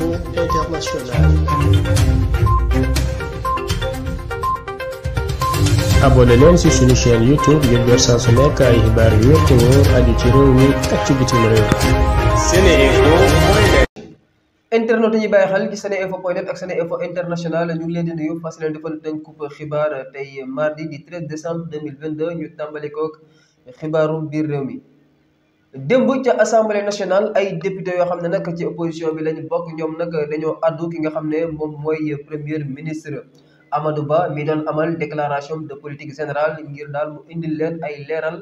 Relations internationales. abonné leen ci suñu chaîne YouTube ngir jot saa su nekk ay xibaar yu wér te wóor aju ci réew mi ak ci bitim réew. internet yi bàyyi xel ci seneinfo point net ak seneinfo international ñu ngi leen di nuyu fas leen defal tënku xibaar tey mardi di 13 décembre 2022 ñu tàmbali koog xibaaru biir réew mi. démb ca assemblée nationale ay député yoo xam ne nag ci opposition bi lañu bokk ñoom nag dañoo addu ki nga xam ne moom mooy premier ministre Amadou Ba mi doon amal déclaration de politique générale ngir daal mu indil leen ay leeral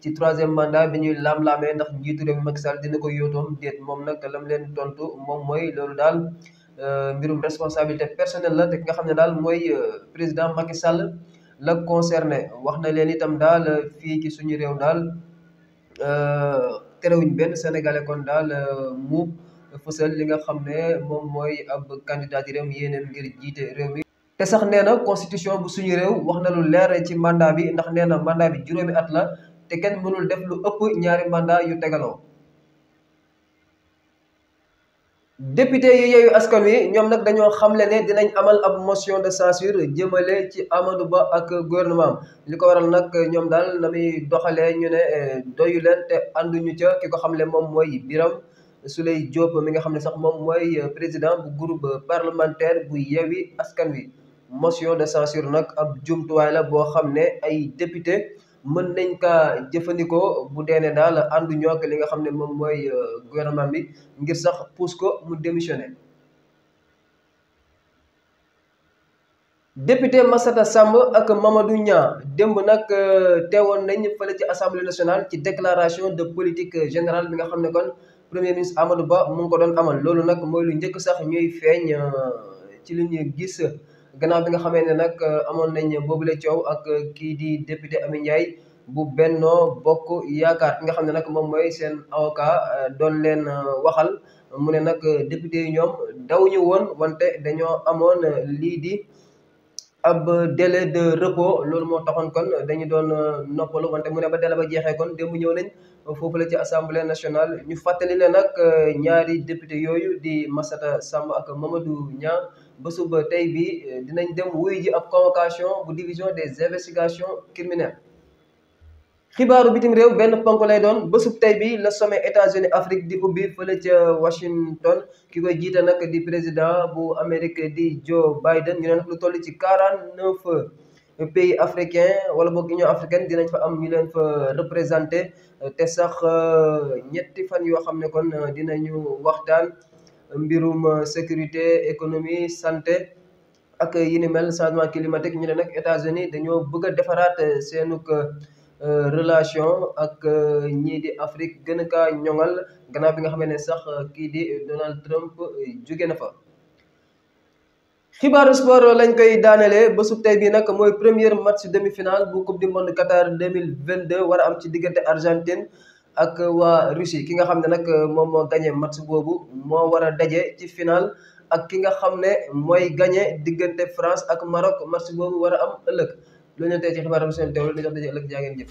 ci troisième mandat bi ñuy laam-laamee ndax njiitu réew mi Macky dina ko yóotoom déet moom nag lam leen tontu moom mooy loolu daal euh, mbirum responsabilité personnelle la te ki nga xam ne daal mooy euh, président Macky Sall la concerné wax na leen itam daal fii ci suñu réew daal. Euh, terewuñ benn sénégalais kon daal euh, mu fësal li nga xam ne moom mooy ab candidature am yéeneen ngir jiite réew mi. te sax nee na constitution bu suñu réew wax na lu leer ci mandat bi ndax nee na mandat bi juróomi at la te kenn mënul def lu ëpp ñaari mandat yu tegaloo. député yi yeeyu askan wi ñoom nag dañoo xamle ne dinañ amal ab motion de censure jëmale ci Amadou Ba ak gouvernement li ko waral nag ñoom daal na muy doxalee ñu ne eh, doyu leen te ànduñu ca ki ko xamle moom mooy Birame Souleye Diop mi nga xam ne sax moom mooy eh, président bu groupe parlementaire bu yeewi askan wi motion de censure nag ab jumtuwaay la boo xam ne ay député mën nañ ka jëfandikoo bu dee ne daal ànduñoo ak li nga xam ne moom mooy euh, gouvernement bi ngir sax pousse ko mu démissionné. député Massata Samb ak Mamadou Niang démb nag euh, woon nañ fële ci assemblée nationale ci déclaration de politique générale bi nga xam ne kon premier ministre Amadou Ba mu ngi ko doon amal loolu nag mooy lu njëkk sax ñuy feeñ euh, ci li ñuy gis. gannaaw bi nga xamee ne nag euh, amoon nañ boobule coow ak euh, kii di député Amy Ndiaye bu bennoo bokk yaakaar ki nga xam ne nag moom mooy seen avocat euh, doon leen waxal mu ne nag député yi ñoom daw ñu woon wante dañoo amoon lii di ab délai de repos loolu moo taxoon kon dañu doon euh, noppalu wante mu ne ba délai ba jeexee kon démb ñëw nañ foofu la ci assemblée nationale ñu fàttali ne nag euh, ñaari député yooyu di Massata Samb ak Mamadou ñaar bésub tey bi euh, dinañ dem wuy ji ab convocation bu division des investigations criminelles xibaaru bitim réew benn ponk lay doon bésub tey bi la sommet États-Unis Afrique di ubbi fële ca Washington ki koy jiite nag di président bu Amérique di Joe Biden ñu ne nag lu toll ci quarante neuf pays africain wala boog Union africaine dinañ fa am ñu leen fa représenté te sax euh, ñetti fan yoo xam ne kon dina euh, dinañu waxtaan mbirum euh, sécurité économie santé ak yi ni mel changement climatique ñu ne nag États-Unis dañoo bëgg a defaraat seenug Euh, relation ak euh, ñii di Afrique gën a kaa ñoŋal gannaaw bi nga xam ne sax euh, kii di Donald Trump jóge na fa. xibaaru sport lañ koy daanelee ba bu tey bii nag mooy premier match demi-finale bu coupe du monde Qatar 2022 war a am ci diggante Argentine ak wa russi ki nga xam ne nag moom moo gagné match boobu moo war a daje ci final ak ki nga xam ne mooy gagné diggante France ak Maroc match boobu war a am ëllëg. loolu leen tey ci xibaaram seen teewlu di jox daje ëllëg jaa ngeen jëf